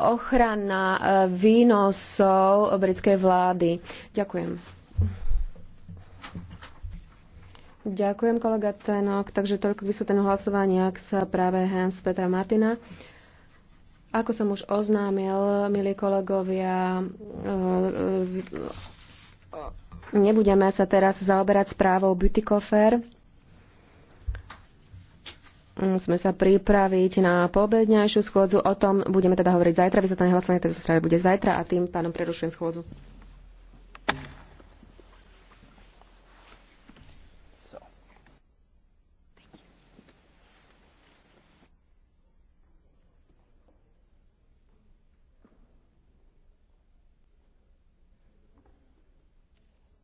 ochrana eh, výnosov britskej vlády. Ďakujem. Ďakujem, kolega Tenok. Takže toľko vysvetlené hlasovanie, ak sa práve Hans Petra Martina. Ako som už oznámil, milí kolegovia, eh, nebudeme sa teraz zaoberať správou Beauty Coffer musíme sa pripraviť na pobednejšiu schôdzu. O tom budeme teda hovoriť zajtra. Vysvetlené hlasovanie tejto správy bude zajtra a tým pánom prerušujem schôdzu.